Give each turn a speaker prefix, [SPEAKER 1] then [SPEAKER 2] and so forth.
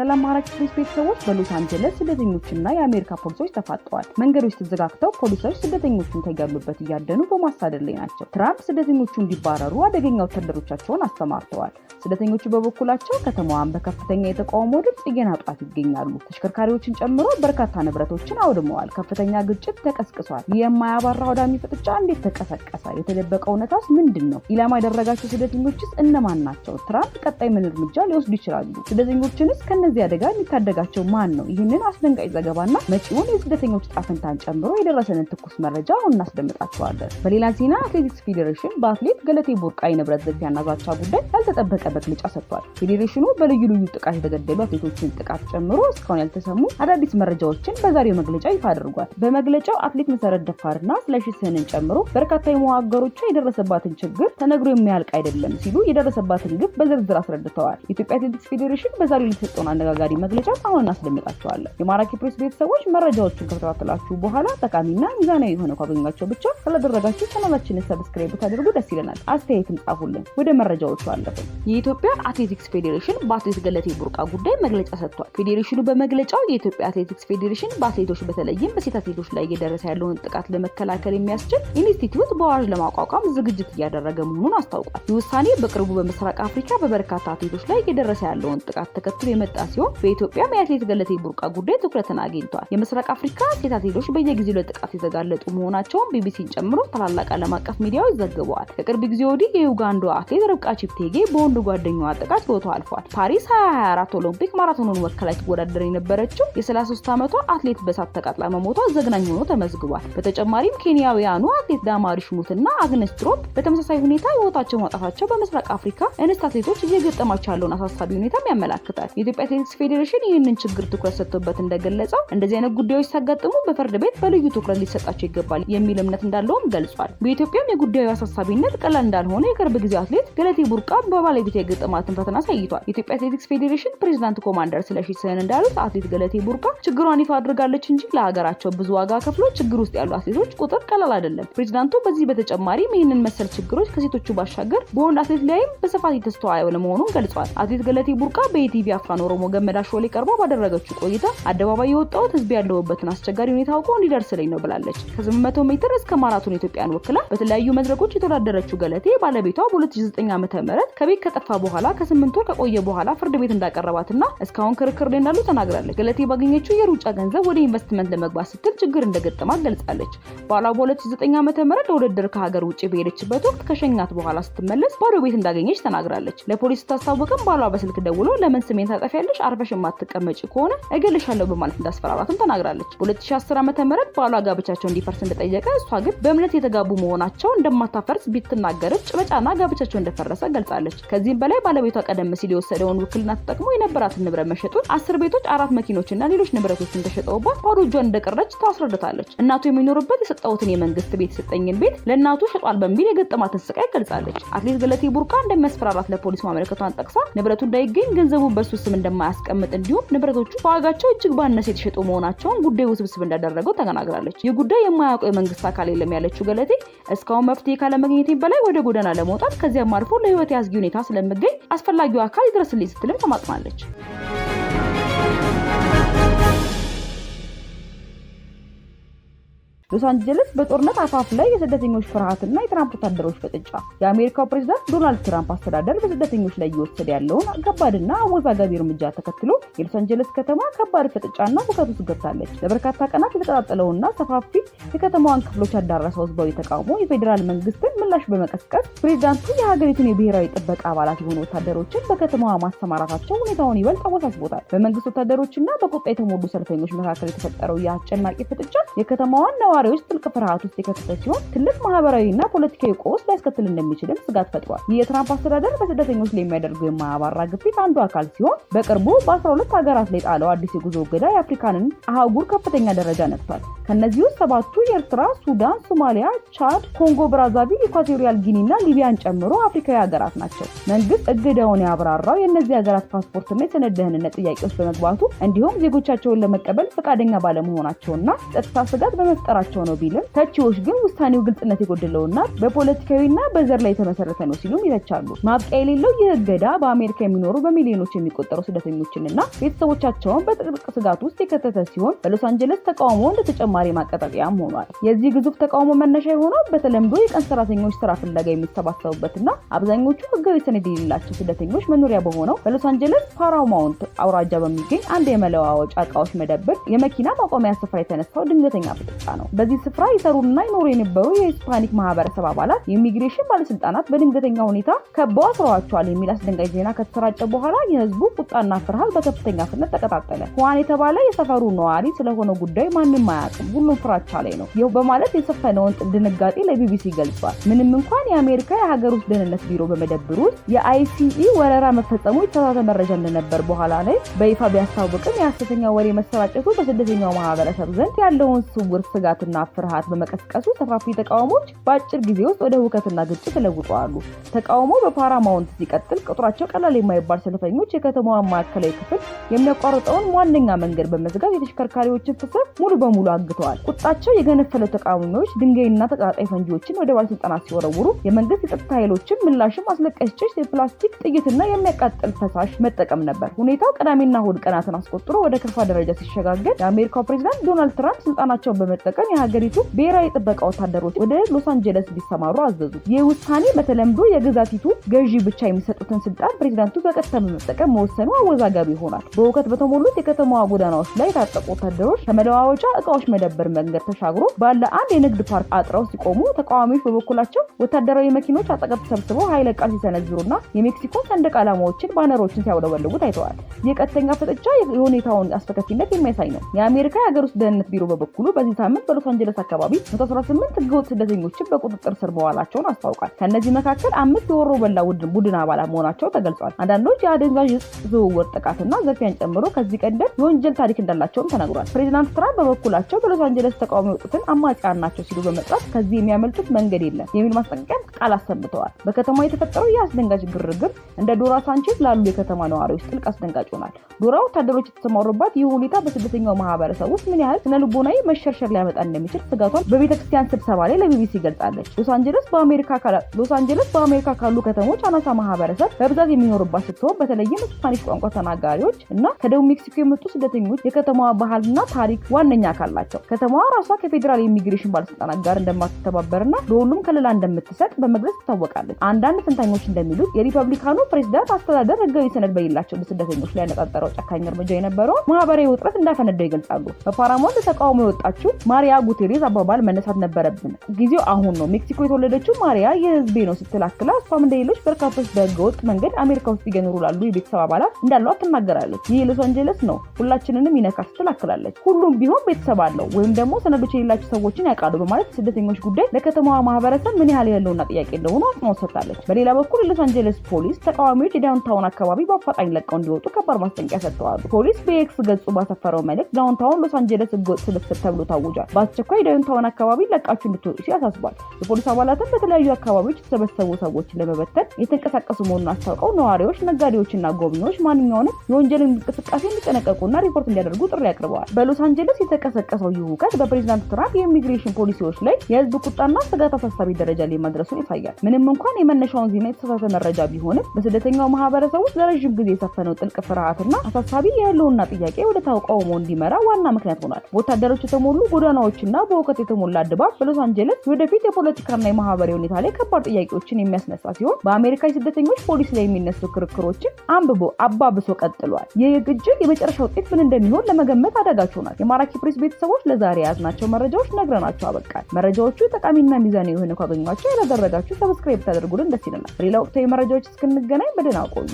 [SPEAKER 1] ሰላም ማራኪ ፖሊስ ቤተሰቦች በሎስ አንጀለስ ስደተኞችና የአሜሪካ ፖሊሶች ተፋጠዋል። መንገዶች ተዘጋግተው ፖሊሶች ስደተኞቹን ከያሉበት እያደኑ በማሳደድ ላይ ናቸው። ትራምፕ ስደተኞቹ እንዲባረሩ አደገኛ ወታደሮቻቸውን አሰማርተዋል። ስደተኞቹ በበኩላቸው ከተማዋን በከፍተኛ የተቃውሞ ድምፅ እየናጧት ይገኛሉ። ተሽከርካሪዎችን ጨምሮ በርካታ ንብረቶችን አውድመዋል። ከፍተኛ ግጭት ተቀስቅሷል። የማያባራ አውዳሚ ፍጥጫ እንዴት ተቀሰቀሰ? የተደበቀ እውነታስ ምንድን ነው? ኢላማ ያደረጋቸው ስደተኞችስ እነማን ናቸው? ትራምፕ ቀጣይ ምን እርምጃ ሊወስዱ ይችላሉ? ስደተኞችንስ ከነ ከእነዚህ አደጋ የሚታደጋቸው ማን ነው? ይህንን አስደንጋጭ ዘገባና መጪውን የስደተኞች ጣፍንታን ፈንታን ጨምሮ የደረሰንን ትኩስ መረጃ አሁን እናስደምጣቸዋለን። በሌላ ዜና አትሌቲክስ ፌዴሬሽን በአትሌት ገለቴ ቡርቃ የንብረት ዝርፊያና ዛቻ ጉዳይ ያልተጠበቀ መግለጫ ሰጥቷል። ፌዴሬሽኑ በልዩ ልዩ ጥቃት የተገደሉ አትሌቶችን ጥቃት ጨምሮ እስካሁን ያልተሰሙ አዳዲስ መረጃዎችን በዛሬው መግለጫ ይፋ አድርጓል። በመግለጫው አትሌት መሰረት ደፋርና ስለሺ ስህንን ጨምሮ በርካታ የመዋገሮቿ የደረሰባትን ችግር ተነግሮ የሚያልቅ አይደለም ሲሉ የደረሰባትን ግብ በዝርዝር አስረድተዋል። የኢትዮጵያ አትሌቲክስ ፌዴሬሽን በዛሬው ሊሰጠውን አነጋጋሪ መግለጫ አሁን እናስደምጣቸዋለን። የማራኪ ፕሬስ ቤተሰቦች መረጃዎችን ከተከታተላችሁ በኋላ ጠቃሚና ሚዛናዊ የሆነ ካገኛቸው ብቻ ስላደረጋችሁ ቻናላችንን ሰብስክራይብ ብታደርጉ ደስ ይለናል። አስተያየትም ጻፉልን። ወደ መረጃዎቹ አለፍን። የኢትዮጵያ አትሌቲክስ ፌዴሬሽን በአትሌት ገለቴ ቡርቃ ጉዳይ መግለጫ ሰጥቷል። ፌዴሬሽኑ በመግለጫው የኢትዮጵያ አትሌቲክስ ፌዴሬሽን በአትሌቶች በተለይም በሴት አትሌቶች ላይ እየደረሰ ያለውን ጥቃት ለመከላከል የሚያስችል ኢንስቲትዩት በአዋጅ ለማቋቋም ዝግጅት እያደረገ መሆኑን አስታውቋል። ይህ ውሳኔ በቅርቡ በምስራቅ አፍሪካ በበርካታ አትሌቶች ላይ እየደረሰ ያለውን ጥቃት ተከትሎ የመጣ ሩጫ ሲሆን በኢትዮጵያም የአትሌት ገለቴ ቡርቃ ጉዳይ ትኩረትን አግኝቷል። የምስራቅ አፍሪካ ሴት አትሌቶች በየጊዜው ለጥቃት የተጋለጡ መሆናቸውን ቢቢሲን ጨምሮ ታላላቅ ዓለም አቀፍ ሚዲያዎች ዘግበዋል። ከቅርብ ጊዜ ወዲህ የዩጋንዶ አትሌት ርብቃ ቺፕቴጌ በወንድ ጓደኛዋ ጥቃት ሕይወቷ አልፏል። ፓሪስ 2024 ኦሎምፒክ ማራቶኑን ወከላ ትወዳደር የነበረችው የ33 ዓመቷ አትሌት በሳት ተቃጥላ መሞቷ ዘግናኝ ሆኖ ተመዝግቧል። በተጨማሪም ኬንያውያኑ አትሌት ዳማሪ ሽሙትና አግነስ ትሮፕ በተመሳሳይ ሁኔታ ሕይወታቸው ማጣታቸው በምስራቅ አፍሪካ እንስት አትሌቶች እየገጠማቸው ያለውን አሳሳቢ ሁኔታም ያመላክታል። የኢትዮጵያ ቴኒስ ፌዴሬሽን ይህንን ችግር ትኩረት ሰጥቶበት እንደገለጸው እንደዚህ አይነት ጉዳዮች ሲያጋጥሙ በፍርድ ቤት በልዩ ትኩረት ሊሰጣቸው ይገባል የሚል እምነት እንዳለውም ገልጿል። በኢትዮጵያም የጉዳዩ አሳሳቢነት ቀላል እንዳልሆነ የቅርብ ጊዜ አትሌት ገለቴ ቡርቃ በባለቤቷ የገጠማትን ፈተና አሳይቷል። የኢትዮጵያ አትሌቲክስ ፌዴሬሽን ፕሬዚዳንት ኮማንደር ስለሺ ስህን እንዳሉት አትሌት ገለቴ ቡርቃ ችግሯን ይፋ አድርጋለች እንጂ ለሀገራቸው ብዙ ዋጋ ከፍሎ ችግር ውስጥ ያሉ አትሌቶች ቁጥር ቀላል አይደለም። ፕሬዚዳንቱ በዚህ በተጨማሪም ይህንን መሰል ችግሮች ከሴቶቹ ባሻገር በወንድ አትሌት ላይም በስፋት የተስተዋለ መሆኑን ገልጿል። አትሌት ገለቴ ቡርቃ በኢቲቪ አፍራ ኦሮሞ ተቃውሞ ገመዳ ሾሌ ቀርባ ባደረገችው ቆይታ አደባባይ የወጣሁት ህዝብ ያለውበትን አስቸጋሪ ሁኔታ አውቆ እንዲደርስልኝ ነው ብላለች። ከ800 ሜትር እስከ ማራቶን ኢትዮጵያን ወክላ በተለያዩ መድረኮች የተወዳደረችው ገለቴ ባለቤቷ በ2009 ም ከቤት ከጠፋ በኋላ ከስምንት ወር ከቆየ በኋላ ፍርድ ቤት እንዳቀረባትና እስካሁን ክርክር ላይ እንዳሉ ተናግራለች። ገለቴ ባገኘችው የሩጫ ገንዘብ ወደ ኢንቨስትመንት ለመግባት ስትል ችግር እንደገጠማት ገልጻለች። ባሏ በ2009 ም ለውድድር ከሀገር ውጭ በሄደችበት ወቅት ከሸኛት በኋላ ስትመለስ ባዶ ቤት እንዳገኘች ተናግራለች። ለፖሊስ ስታስታወቅም ባሏ በስልክ ደውሎ ለምን ስሜን ታጠፊያለ ካልሽ አርፈሽ የማትቀመጪ ከሆነ እገልሻለሁ በማለት እንዳስፈራራትም ተናግራለች። በ2010 ዓ ም ባሏ ጋብቻቸው እንዲፈርስ እንደጠየቀ እሷ ግን በእምነት የተጋቡ መሆናቸው እንደማታፈርስ ብትናገርም ጭበጫና ጋብቻቸው እንደፈረሰ ገልጻለች። ከዚህም በላይ ባለቤቷ ቀደም ሲል የወሰደውን ውክልና ተጠቅሞ የነበራትን ንብረት መሸጡን፣ አስር ቤቶች፣ አራት መኪኖችና ሌሎች ንብረቶች እንደሸጠውባት ባዶ እጇን እንደቀረች ታስረድታለች። እናቱ የሚኖርበት የሰጠሁትን የመንግስት ቤት የሰጠኝን ቤት ለእናቱ ሸጧል በሚል የገጠማትን ስቃይ ገልጻለች። አትሌት ገለቴ ቡርቃ እንደሚያስፈራራት ለፖሊስ ማመልከቷን ጠቅሳ ንብረቱ እንዳይገኝ ገንዘቡን በሱ ስም እንደማ እንደማያስቀምጥ እንዲሁም ንብረቶቹ በዋጋቸው እጅግ ባነሰ የተሸጡ መሆናቸውን ጉዳዩ ውስብስብ እንዳደረገው ተናግራለች። ይህ ጉዳይ የማያውቀው የመንግስት አካል የለም ያለችው ገለቴ እስካሁን መፍትሄ ካለመግኘቴ በላይ ወደ ጎዳና ለመውጣት ከዚያም አልፎ ለህይወት ያዝጊ ሁኔታ ስለምገኝ አስፈላጊው አካል ይድረስልኝ ስትልም ተማጥናለች። ሎስ አንጀለስ በጦርነት አፋፍ ላይ የስደተኞች ፍርሃትና የትራምፕ ወታደሮች ፍጥጫ። የአሜሪካው ፕሬዚዳንት ዶናልድ ትራምፕ አስተዳደር በስደተኞች ላይ እየወሰደ ያለውን ከባድና አወዛጋቢ እርምጃ ተከትሎ የሎስ አንጀለስ ከተማ ከባድ ፍጥጫና ሁከት ውስጥ ገብታለች። ለበርካታ ቀናት የተቀጣጠለውና ሰፋፊ የከተማዋን ክፍሎች ያዳረሰው ህዝባዊ ተቃውሞ የፌዴራል መንግስትን ምላሽ በመቀስቀስ ፕሬዚዳንቱ የሀገሪቱን የብሔራዊ ጥበቃ አባላት የሆኑ ወታደሮችን በከተማዋ ማሰማራታቸው ሁኔታውን ይበልጥ አወሳስቦታል። በመንግስት ወታደሮችና በቁጣ የተሞሉ ሰልፈኞች መካከል የተፈጠረው የአስጨናቂ ፍጥጫ የከተማዋን ነዋ ነዋሪዎች ጥልቅ ፍርሃት ውስጥ የከተተ ሲሆን ትልቅ ማህበራዊና ፖለቲካዊ ቀውስ ሊያስከትል እንደሚችልም ስጋት ፈጥሯል። የትራምፕ አስተዳደር በስደተኞች ላይ የሚያደርገው የማያባራ ግፊት አንዱ አካል ሲሆን በቅርቡ በ12 ሀገራት ላይ ጣለው አዲስ የጉዞ እገዳ የአፍሪካንን አህጉር ከፍተኛ ደረጃ ነክቷል። ከእነዚህ ውስጥ ሰባቱ የኤርትራ፣ ሱዳን፣ ሶማሊያ፣ ቻድ፣ ኮንጎ ብራዛቪል፣ ኢኳቶሪያል ጊኒና ሊቢያን ጨምሮ አፍሪካዊ ሀገራት ናቸው። መንግስት እገዳውን ያብራራው የእነዚህ ሀገራት ፓስፖርትና የሰነድ ደህንነት ጥያቄዎች በመግባቱ እንዲሁም ዜጎቻቸውን ለመቀበል ፈቃደኛ ባለመሆናቸውና ጸጥታ ስጋት በመፍጠራቸው ያላቸው ነው ቢልም ተቺዎች ግን ውሳኔው ግልጽነት የጎደለውና በፖለቲካዊና በዘር ላይ የተመሰረተ ነው ሲሉም ይተቻሉ። ማብቂያ የሌለው ይህ እገዳ በአሜሪካ የሚኖሩ በሚሊዮኖች የሚቆጠሩ ስደተኞችንና ቤተሰቦቻቸውን በጥብቅ ስጋት ውስጥ የከተተ ሲሆን በሎስ አንጀለስ ተቃውሞ እንደ ተጨማሪ ማቀጣጠያም ሆኗል። የዚህ ግዙፍ ተቃውሞ መነሻ የሆነው በተለምዶ የቀን ሰራተኞች ስራ ፍለጋ የሚሰባሰቡበትና አብዛኞቹ ህጋዊ ሰነድ የሌላቸው ስደተኞች መኖሪያ በሆነው በሎስ አንጀለስ ፓራማውንት አውራጃ በሚገኝ አንድ የመለዋወጫ እቃዎች መደብር የመኪና ማቆሚያ ስፍራ የተነሳው ድንገተኛ ፍጥጫ ነው። በዚህ ስፍራ ይሰሩና ይኖሩ የነበሩ የሂስፓኒክ ማህበረሰብ አባላት የኢሚግሬሽን ባለስልጣናት በድንገተኛ ሁኔታ ከበው አስረዋቸዋል የሚል አስደንጋጭ ዜና ከተሰራጨ በኋላ የህዝቡ ቁጣና ፍርሃት በከፍተኛ ፍጥነት ተቀጣጠለ። ሁዋን የተባለ የሰፈሩ ነዋሪ ስለሆነ ጉዳይ ማንም አያውቅም፣ ሁሉም ፍራቻ ላይ ነው ይህ በማለት የሰፈነውን ድንጋጤ ለቢቢሲ ገልጿል። ምንም እንኳን የአሜሪካ የሀገር ውስጥ ደህንነት ቢሮ በመደብር ውስጥ የአይሲኢ ወረራ መፈጸሙ የተሳሳተ መረጃ እንደነበር በኋላ ላይ በይፋ ቢያስታውቅም የሐሰተኛ ወሬ መሰራጨቱ በስደተኛው ማህበረሰብ ዘንድ ያለውን ስውር ስጋት ብስጭትና ፍርሃት በመቀስቀሱ ሰፋፊ ተቃውሞዎች በአጭር ጊዜ ውስጥ ወደ ሁከትና ግጭት ተለውጠዋሉ። ተቃውሞ በፓራማውንት ሲቀጥል ቁጥራቸው ቀላል የማይባል ሰልፈኞች የከተማዋን ማዕከላዊ ክፍል የሚያቋርጠውን ዋነኛ መንገድ በመዝጋት የተሽከርካሪዎችን ፍሰት ሙሉ በሙሉ አግተዋል። ቁጣቸው የገነፈለ ተቃዋሚዎች ድንጋይና ተቀጣጣይ ፈንጂዎችን ወደ ባለስልጣናት ሲወረውሩ፣ የመንግስት የጸጥታ ኃይሎችን ምላሽም አስለቃሽ ጭስ፣ የፕላስቲክ ጥይትና የሚያቃጥል ፈሳሽ መጠቀም ነበር። ሁኔታው ቅዳሜና እሁድ ቀናትን አስቆጥሮ ወደ ከፋ ደረጃ ሲሸጋገር የአሜሪካው ፕሬዚዳንት ዶናልድ ትራምፕ ስልጣናቸውን በመጠቀም የሀገሪቱ ብሔራዊ ጥበቃ ወታደሮች ወደ ሎስ አንጀለስ እንዲሰማሩ አዘዙ። ይህ ውሳኔ በተለምዶ የግዛቲቱ ገዢ ብቻ የሚሰጡትን ስልጣን ፕሬዚዳንቱ በቀጥታ በመጠቀም መወሰኑ አወዛጋቢ ይሆናል። በእውከት በተሞሉት የከተማዋ ጎዳናዎች ላይ የታጠቁ ወታደሮች ከመለዋወጫ እቃዎች መደብር መንገድ ተሻግሮ ባለ አንድ የንግድ ፓርክ አጥረው ሲቆሙ፣ ተቃዋሚዎች በበኩላቸው ወታደራዊ መኪኖች አጠገብ ተሰብስበው ኃይለ ቃል ሲሰነዝሩና የሜክሲኮ ሰንደቅ ዓላማዎችን ባነሮችን ሲያውለበልቡ ታይተዋል። የቀጥተኛ ፍጥጫ የሁኔታውን አስፈከፊነት የሚያሳይ ነው። የአሜሪካ የሀገር ውስጥ ደህንነት ቢሮ በበኩሉ በዚህ ሳምንት በሎስ አንጀለስ አካባቢ 118 ህገወጥ ስደተኞችን በቁጥጥር ስር መዋላቸውን አስታውቋል። ከእነዚህ መካከል አምስት የወሮ በላ ቡድን አባላት መሆናቸው ተገልጿል። አንዳንዶች የአደንዛዥ ዝውውር ጥቃትና ዘፊያን ጨምሮ ከዚህ ቀደም የወንጀል ታሪክ እንዳላቸውም ተነግሯል። ፕሬዚዳንት ትራምፕ በበኩላቸው በሎስ አንጀለስ ተቃዋሚ የወጡትን አማጽያን ናቸው ሲሉ በመጥራት ከዚህ የሚያመልጡት መንገድ የለም የሚል ማስጠንቀቂያ ቃል አሰምተዋል። በከተማ የተፈጠረው የአስደንጋጭ ግርግር እንደ ዶራ ሳንቼዝ ላሉ የከተማ ነዋሪዎች ጥልቅ አስደንጋጭ ሆናል። ዶራ ወታደሮች የተሰማሩባት ይህ ሁኔታ በስደተኛው ማህበረሰብ ውስጥ ምን ያህል ስነልቦናዊ መሸርሸር ሊያመጣ እንደሚችል ስጋቷን በቤተክርስቲያን ስብሰባ ላይ ለቢቢሲ ገልጻለች። ሎስ አንጀለስ በአሜሪካ ካሉ ከተሞች አናሳ ማህበረሰብ በብዛት የሚኖርባት ስትሆን በተለይም ስፓኒሽ ቋንቋ ተናጋሪዎች እና ከደቡብ ሜክሲኮ የመጡ ስደተኞች የከተማዋ ባህልና ታሪክ ዋነኛ አካል ናቸው። ከተማዋ ራሷ ከፌዴራል ኢሚግሬሽን ባለስልጣናት ጋር እንደማትተባበርና ለሁሉም ከለላ እንደምትሰጥ በመግለጽ ትታወቃለች። አንዳንድ ተንታኞች እንደሚሉት የሪፐብሊካኑ ፕሬዚዳንት አስተዳደር ህጋዊ ሰነድ በሌላቸው ስደተኞች ላይ ያነጣጠረው ጨካኝ እርምጃ የነበረው ማህበራዊ ውጥረት እንዳፈነደው ይገልጻሉ። በፓራማ ተቃውሞ የወጣችው ማሪያ ጉቴሬዝ አባባል መነሳት ነበረብን። ጊዜው አሁን ነው። ሜክሲኮ የተወለደችው ማሪያ የህዝቤ ነው ስትል አክላ እሷም እንደሌሎች በርካቶች በህገወጥ መንገድ አሜሪካ ውስጥ ይገኖሩ ላሉ የቤተሰብ አባላት እንዳሏት ትናገራለች። ይህ ሎስ አንጀለስ ነው፣ ሁላችንንም ይነካ ስትል አክላለች። ሁሉም ቢሆን ቤተሰብ አለው ወይም ደግሞ ሰነዶች የሌላቸው ሰዎችን ያውቃሉ በማለት ስደተኞች ጉዳይ ለከተማዋ ማህበረሰብ ምን ያህል ያለውና ጥያቄ እንደሆኑ አጽንኦት ሰጥታለች። በሌላ በኩል የሎስ አንጀለስ ፖሊስ ተቃዋሚዎች የዳውንታውን አካባቢ በአፋጣኝ ለቀው እንዲወጡ ከባድ ማስጠንቀቂያ ሰጥተዋል። ፖሊስ በኤክስ ገጹ ባሰፈረው መልእክት ዳውንታውን ሎስ አንጀለስ ህገወጥ ስብስብ ተብሎ ታውጇል በአስቸኳይ ደንታውን አካባቢ ለቃችሁ እንድትወጡ ሲል አሳስቧል። የፖሊስ አባላትም በተለያዩ አካባቢዎች የተሰበሰቡ ሰዎችን ለመበተን የተንቀሳቀሱ መሆኑን አስታውቀው ነዋሪዎች፣ ነጋዴዎችና ጎብኚዎች ማንኛውንም የወንጀል እንቅስቃሴ እንዲጠነቀቁና ሪፖርት እንዲያደርጉ ጥሪ አቅርበዋል። በሎስ አንጀለስ የተቀሰቀሰው ይህ ሁከት በፕሬዚዳንት ትራምፕ የኢሚግሬሽን ፖሊሲዎች ላይ የህዝብ ቁጣና ስጋት አሳሳቢ ደረጃ ላይ ማድረሱን ያሳያል። ምንም እንኳን የመነሻውን ዜና የተሳሳተ መረጃ ቢሆንም በስደተኛው ማህበረሰብ ውስጥ ለረዥም ጊዜ የሰፈነው ጥልቅ ፍርሃትና አሳሳቢ የህልውና ጥያቄ ወደ ተቃውሞ እንዲመራ ዋና ምክንያት ሆኗል። በወታደሮች የተሞሉ ጎዳናዎች እና በእውቀት የተሞላ ድባብ በሎስ አንጀለስ ወደፊት የፖለቲካና የማህበራዊ ሁኔታ ላይ ከባድ ጥያቄዎችን የሚያስነሳ ሲሆን በአሜሪካ የስደተኞች ፖሊስ ላይ የሚነሱ ክርክሮችን አንብቦ አባብሶ ቀጥሏል። ይህ ግጭት የመጨረሻ ውጤት ምን እንደሚሆን ለመገመት አዳጋች ሆናል። የማራኪ ፕሬስ ቤተሰቦች ለዛሬ የያዝናቸው መረጃዎች ነግረናቸው አበቃል። መረጃዎቹ ጠቃሚና ሚዛን የሆነ ካገኟቸው ያላደረጋችሁ ሰብስክራይብ ታደርጉልን ደስ ይለናል። በሌላ ወቅታዊ መረጃዎች እስክንገናኝ በደህና ቆዩ።